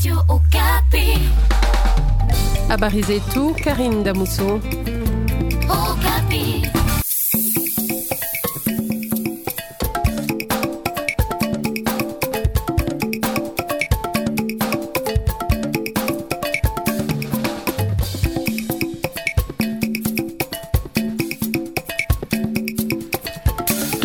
A Okapi. tout, Karine Damousso.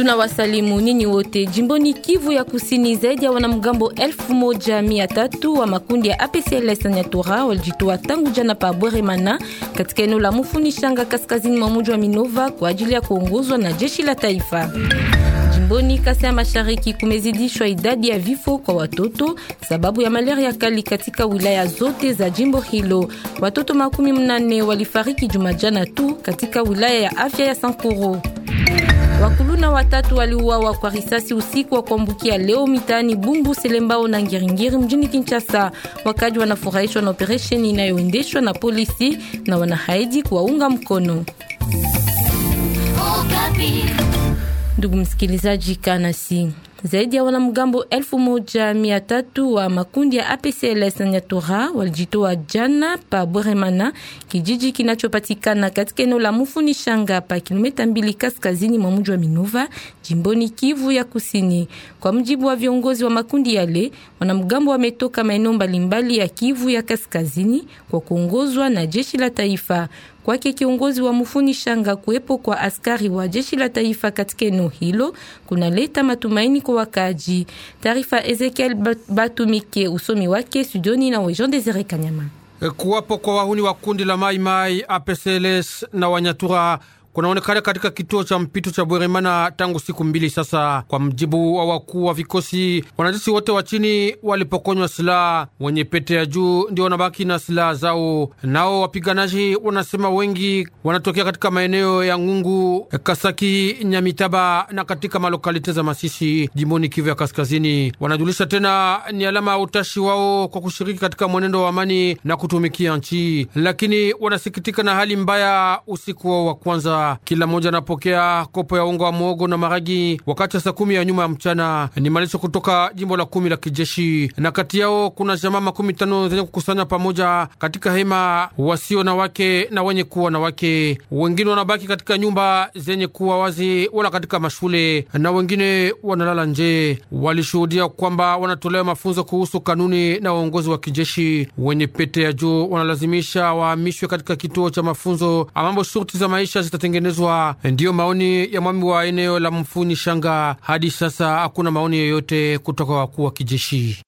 Tunawasalimu nyinyi wote jimboni Kivu ya Kusini. Zaidi ya wanamgambo elfu moja mia tatu wa makundi ya APCLS Nyatura walijitoa tangu jana pa Bweremana katika eneo la Shanga, kaskazini mwa muji wa Minova kwa ajili ya kuongozwa na jeshi la taifa. Jimboni Kasai ya Mashariki kumezidishwa idadi ya vifo kwa watoto sababu ya malaria kali katika wilaya zote za jimbo hilo. Watoto makumi mnane walifariki jumajana tu katika wilaya ya afya ya Sankuru. Wakuluna watatu waliuawa kwa risasi usiku wa kuambukia leo mitaani Bumbu, Selembao na Ngiringiri mjini Kinshasa. Wakaji wanafurahishwa na operesheni inayoendeshwa na polisi na wanahaidi kuwaunga mkono. Oh, Ndugu msikilizaji, kanasi zaidi ya wanamgambo elfu moja mia tatu wa makundi ya APCLS na Nyatura walijitoa jana pa Bweremana, kijiji kinachopatikana katika eneo la Shanga pa kilomita mbili kaskazini mwa mji wa Minova, jimboni Kivu ya Kusini. Kwa mjibu wa viongozi wa makundi yale, wanamgambo wametoka maeneo mbalimbali ya Kivu ya Kaskazini kwa kuongozwa na jeshi la taifa. Kwake kiongozi wa Mufuni Shanga, kuwepo kwa askari wa jeshi la taifa katika eneo hilo kunaleta matumaini kwa wakaaji. Taarifa Ezekiel Batumike, usomi wake studioni na Wejon Desire Kanyama. Kuwapo kwa wahuni wa kundi la Maimai Apeseles na Wanyatura kunaonekana katika kituo cha mpito cha Bweremana tangu siku mbili sasa. Kwa mjibu wa wakuu wa vikosi, wanajeshi wote wa chini walipokonywa silaha, wenye pete ya juu ndio wanabaki na silaha zao. Nao wapiganaji wanasema wengi wanatokea katika maeneo ya Ngungu, Kasaki, Nyamitaba na katika malokalite za Masisi, jimboni Kivu ya Kaskazini. Wanajulisha tena ni alama ya utashi wao kwa kushiriki katika mwenendo wa amani na kutumikia nchi, lakini wanasikitika na hali mbaya usiku wao wa kwanza kila mmoja anapokea kopo ya unga wa mwogo na maragi wakati ya saa kumi ya nyuma ya mchana. Ni malisho kutoka jimbo la kumi la kijeshi, na kati yao kuna jamaa makumi tano zenye kukusanya pamoja katika hema, wasio na wake na wenye kuwa na wake. Wengine wanabaki katika nyumba zenye kuwa wazi wala katika mashule, na wengine wanalala nje. Walishuhudia kwamba wanatolewa mafunzo kuhusu kanuni na uongozi wa kijeshi. Wenye pete ya juu wanalazimisha wahamishwe katika kituo cha mafunzo ambapo shurti za maisha zitatengenezwa kutengenezwa. Ndiyo maoni ya mwami wa eneo la Mfuni Shanga. Hadi sasa hakuna maoni yoyote kutoka wakuu wa kijeshi.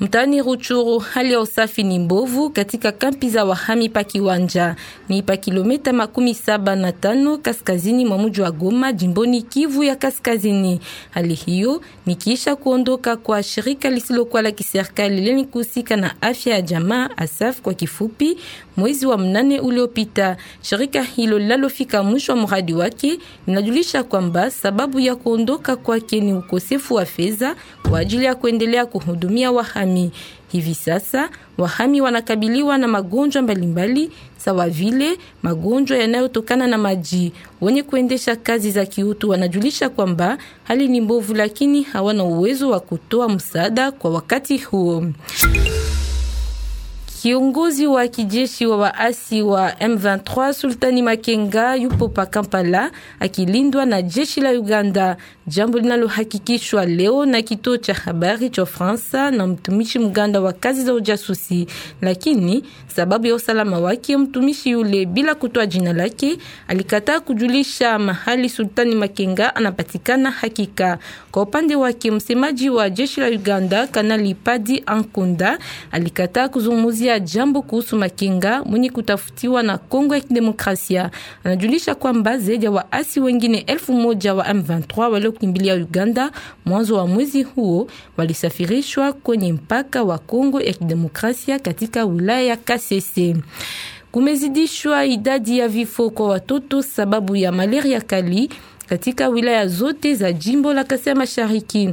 Mtaani Ruchuru hali ya usafi ni mbovu katika kampi za wahami pa Kiwanja ni pa kilomita makumi saba na tano kaskazini mwa mji wa Goma jimboni Kivu ya Kaskazini. Hali hiyo ni kisha kuondoka kwa shirika lisilokuwa la kiserikali lenye kuhusika na afya ya jamaa ASAF kwa kifupi, mwezi wa mnane uliopita. Shirika hilo linalofika mwisho wa mradi wake linajulisha kwamba sababu ya kuondoka kwake ni ukosefu wa fedha kwa ajili ya kuendelea kuhudumia wahami wahami. Hivi sasa wahami wanakabiliwa na magonjwa mbalimbali sawa vile magonjwa yanayotokana na maji. Wenye kuendesha kazi za kiutu wanajulisha kwamba hali ni mbovu, lakini hawana uwezo wa kutoa msaada kwa wakati huo. Kiongozi wa kijeshi wa waasi wa M23 Sultani Makenga yupo pa Kampala akilindwa na jeshi la Uganda, jambo linalohakikishwa leo na kituo cha habari cha France na mtumishi mganda wa kazi za ujasusi. Lakini sababu ya usalama wake, mtumishi yule bila kutoa jina lake alikataa kujulisha mahali Sultani Makenga anapatikana hakika. Kwa upande wake, msemaji wa jeshi la Uganda Kanali Padi Ankunda alikataa kuzungumzia jambo kuhusu Makenga mwenye kutafutiwa na Kongo ya Kidemokrasia. Anajulisha kwamba zaidi ya waasi wengine elfu moja wa M23 waliokimbilia Uganda mwanzo wa mwezi huo walisafirishwa kwenye mpaka wa Kongo ya Kidemokrasia katika wilaya ya Kasese. Kumezidishwa idadi ya vifo kwa watoto sababu ya malaria kali katika wilaya zote za jimbo la Kasai Mashariki.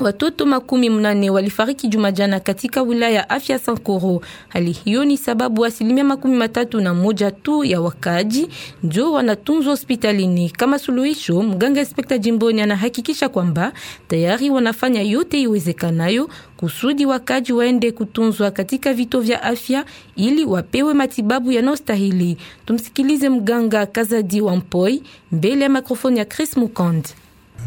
Watoto makumi mnane walifariki Jumajana katika wilaya ya afya Sankoro. Hali hiyo ni sababu asilimia makumi matatu na moja tu ya wakaji ndio wanatunzwa hospitalini. Kama suluhisho, mganga inspekta jimboni anahakikisha kwamba tayari wanafanya yote iwezekanayo kusudi wakaji waende kutunzwa katika vito vya afya ili wapewe matibabu yanayostahili. Tumsikilize mganga Kazadi Wampoi mbele ya mikrofoni ya Chris Mukand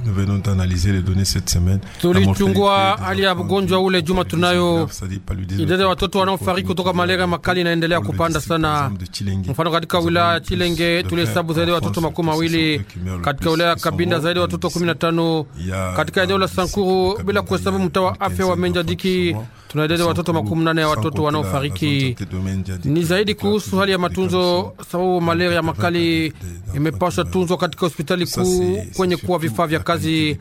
nous venons d'analyser les données cette semaine. tulichungua hali ya mgonjwa ule juma tunayo. Idadi ya watoto wanaofariki kutoka malaria makali inaendelea kupanda sana. Mfano, katika wilaya ya Chilenge tulihesabu zaidi ya watoto makumi mawili, katika wilaya ya Kabinda zaidi ya watoto 15, katika eneo la Sankuru bila kuhesabu mtaa wa afya wa Menja Diki tuna idadi ya watoto makumi nane ya watoto wanaofariki. Ni zaidi kuhusu hali ya matunzo, sababu malaria makali imepashwa tunzwa katika hospitali kuu kwenye kuwa vifaa vya kazi wazazi,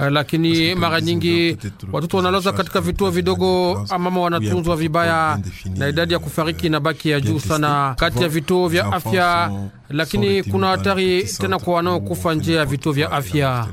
eh, lakini mara nyingi watoto wanalazwa katika vituo vidogo amama wanatunzwa vibaya, na idadi ya kufariki inabaki ya juu sana kati ya vituo vya afya, lakini kuna hatari tena kwa wanaokufa nje ya vituo vya afya.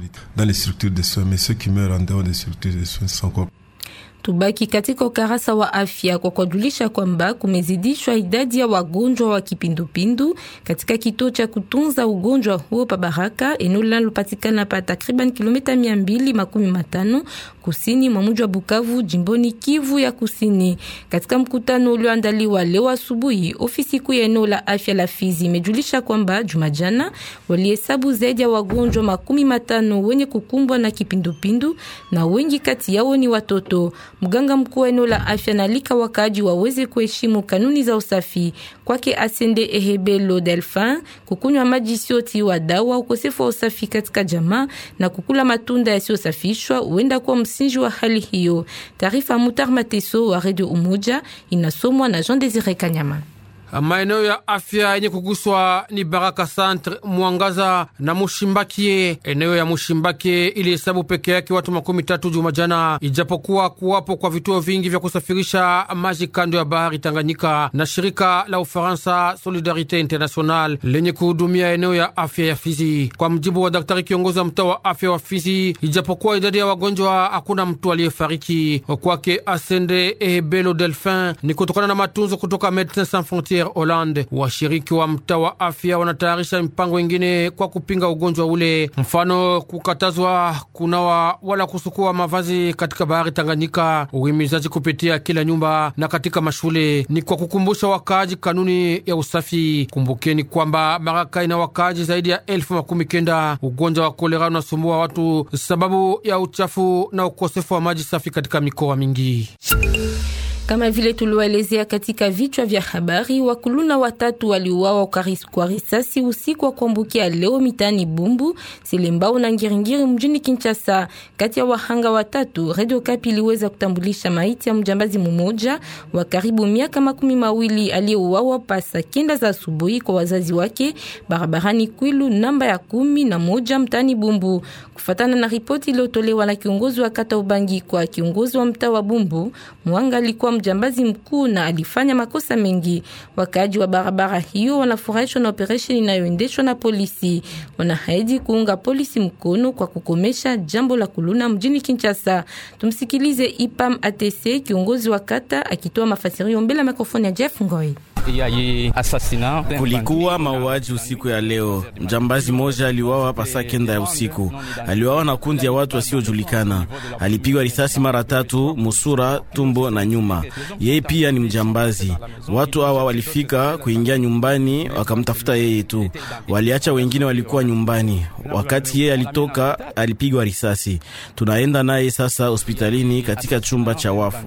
Tubaki katika ukarasa wa afya kwa kujulisha kwamba kumezidishwa idadi ya wagonjwa wa kipindupindu katika kituo cha kutunza ugonjwa huo pa Baraka, eneo linalopatikana pa takriban kilomita 215 kusini mwa mji wa Bukavu, jimboni Kivu ya Kusini. Katika mkutano ulioandaliwa leo asubuhi, ofisi kuu ya eneo la afya la Fizi imejulisha kwamba Jumajana walihesabu zaidi ya wagonjwa makumi matano wenye kukumbwa na kipindupindu na wengi kati yao ni watoto. Mganga mkuu wa eneo la afya nalika wakaaji waweze kuheshimu kanuni za usafi. Kwake Asende Ehebelo Delfin, kukunywa maji isiyotiwa dawa, ukosefu wa usafi katika jamaa na kukula matunda yasiyosafishwa huenda kuwa Sinjua wa hali Mutar Mateso wa Redio Umoja inasomwa na Jean Desire Kanyama. Maeneo ya afya yenye kuguswa ni Baraka centre Mwangaza na Mushimbakie. Eneo ya Mushimbakie ilihesabu peke yake watu makumi tatu Jumajana, ijapokuwa kuwapo kwa vituo vingi vya kusafirisha maji kando ya bahari Tanganyika na shirika la Ufaransa Solidarite International lenye kuhudumia eneo ya afya ya Fizi. Kwa mjibu wa daktari kiongozi wa mtaa wa afya wa Fizi, ijapokuwa idadi ya wagonjwa, hakuna mtu aliyefariki. Kwake Asende Ehebelo Delfin ni kutokana na matunzo kutoka Medecins Sans Frontieres Pierre Hollande. Washiriki wa mtaa wa afya wanatayarisha mipango ingine kwa kupinga ugonjwa ule, mfano kukatazwa kunawa wala kusukua mavazi katika bahari Tanganyika, uhimizaji kupitia kila nyumba na katika mashule, ni kwa kukumbusha wakaaji kanuni ya usafi. Kumbukeni kwamba Baraka ina wakaaji zaidi ya elfu makumi kenda. Ugonjwa wa kolera unasumbua watu sababu ya uchafu na ukosefu wa maji safi katika mikoa mingi. Kama vile tulioelezea katika vichwa vya habari, wakuluna watatu waliuawa kwa risasi usiku wa kuambukia leo mitaani Bumbu, Selembao na Ngiringiri mjini Kinshasa. Kati ya wahanga watatu, Radio Kapi iliweza kutambulisha maiti ya mjambazi mmoja wa karibu miaka makumi mawili aliyeuawa pasa kenda za asubuhi kwa wazazi wake barabarani Kwilu namba ya kumi na moja mtaani Bumbu, kufatana na ripoti iliyotolewa na kiongozi wa kata Ubangi kwa kiongozi wa mtaa wa Bumbu. Mwanga alikuwa mjambazi mkuu na alifanya makosa mengi. Wakaaji wa barabara hiyo wanafurahishwa na operesheni inayoendeshwa na polisi, wanahaidi kuunga polisi mkono kwa kukomesha jambo la kuluna mjini Kinshasa. Tumsikilize Ipam Atese, kiongozi wa kata, akitoa mafasirio mbele ya mikrofoni ya Jeff Ngoi. Kulikuwa mauaji usiku ya leo. Mjambazi moja aliuawa pasaa kenda ya usiku, aliuawa na kundi ya watu wasiojulikana. Alipigwa risasi mara tatu musura, tumbo na nyuma. Yeye pia ni mjambazi. Watu hawa walifika kuingia nyumbani, wakamtafuta yeye tu, waliacha wengine walikuwa nyumbani. Wakati yeye alitoka, alipigwa risasi. Tunaenda naye sasa hospitalini katika chumba cha wafu.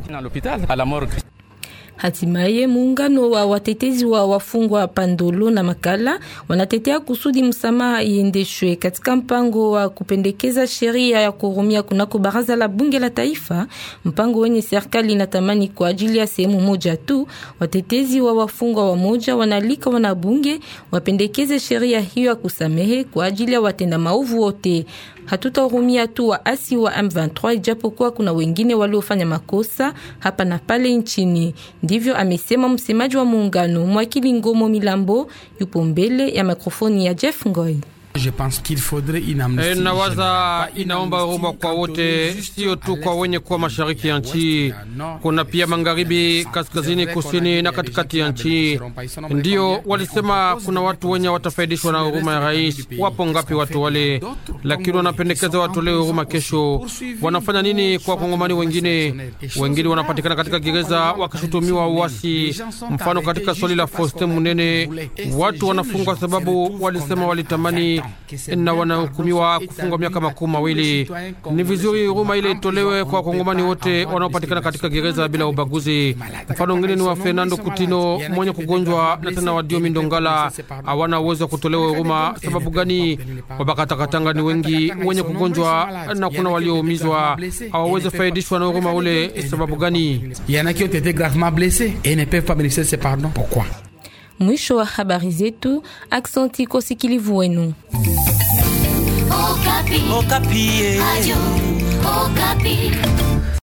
Hatimaye muungano wa watetezi wa wafungwa Pandolo na Makala wanatetea kusudi msamaha iendeshwe katika mpango wa kupendekeza sheria ya kurumia kunako baraza la bunge la taifa, mpango wenye serikali inatamani kwa ajili ya sehemu moja tu. Watetezi wa wafungwa wamoja wanalika wanabunge wapendekeze sheria hiyo ya kusamehe kwa ajili ya watenda maovu wote hatutaurumia tu waasi wa M23 ijapokuwa kuna wengine waliofanya makosa hapa na pale nchini. Ndivyo amesema msemaji wa muungano Mwakili Ngomo Milambo, yupo mbele ya mikrofoni ya Jeff Ngoi. Eh, nawaza inaomba huruma kwa wote, sio tu kwa wenye kuwa mashariki ya nchi. Kuna pia magharibi, kaskazini, kusini na katikati ya nchi. Ndiyo walisema kuna watu wenye watafaidishwa na huruma ya rais. Wapo ngapi watu wale? Lakini wanapendekeza watolewe huruma kesho. Wanafanya nini kwa wakongomani wengine? Wengine wanapatikana katika gereza wakishutumiwa uasi, mfano katika swali la Foste Munene, watu wanafungwa sababu walisema walitamani na wanahukumiwa kufungwa miaka makumi mawili. Ni vizuri huruma ile itolewe kwa wakongomani wote wanaopatikana katika gereza bila ubaguzi. Mfano wengine ni wa Fernando Kutino mwenye kugonjwa na tena wa Diomi Ndongala hawana uwezo wa kutolewa huruma. Sababu gani? Wabakatakatanga ni wengi wenye kugonjwa na kuna walioumizwa hawawezi faidishwa na huruma ule. Sababu gani? mwisho wa habari zetu. Aksanti kwa usikilivu wenu. Okapi. Okapi. Eh. Adio. Okapi.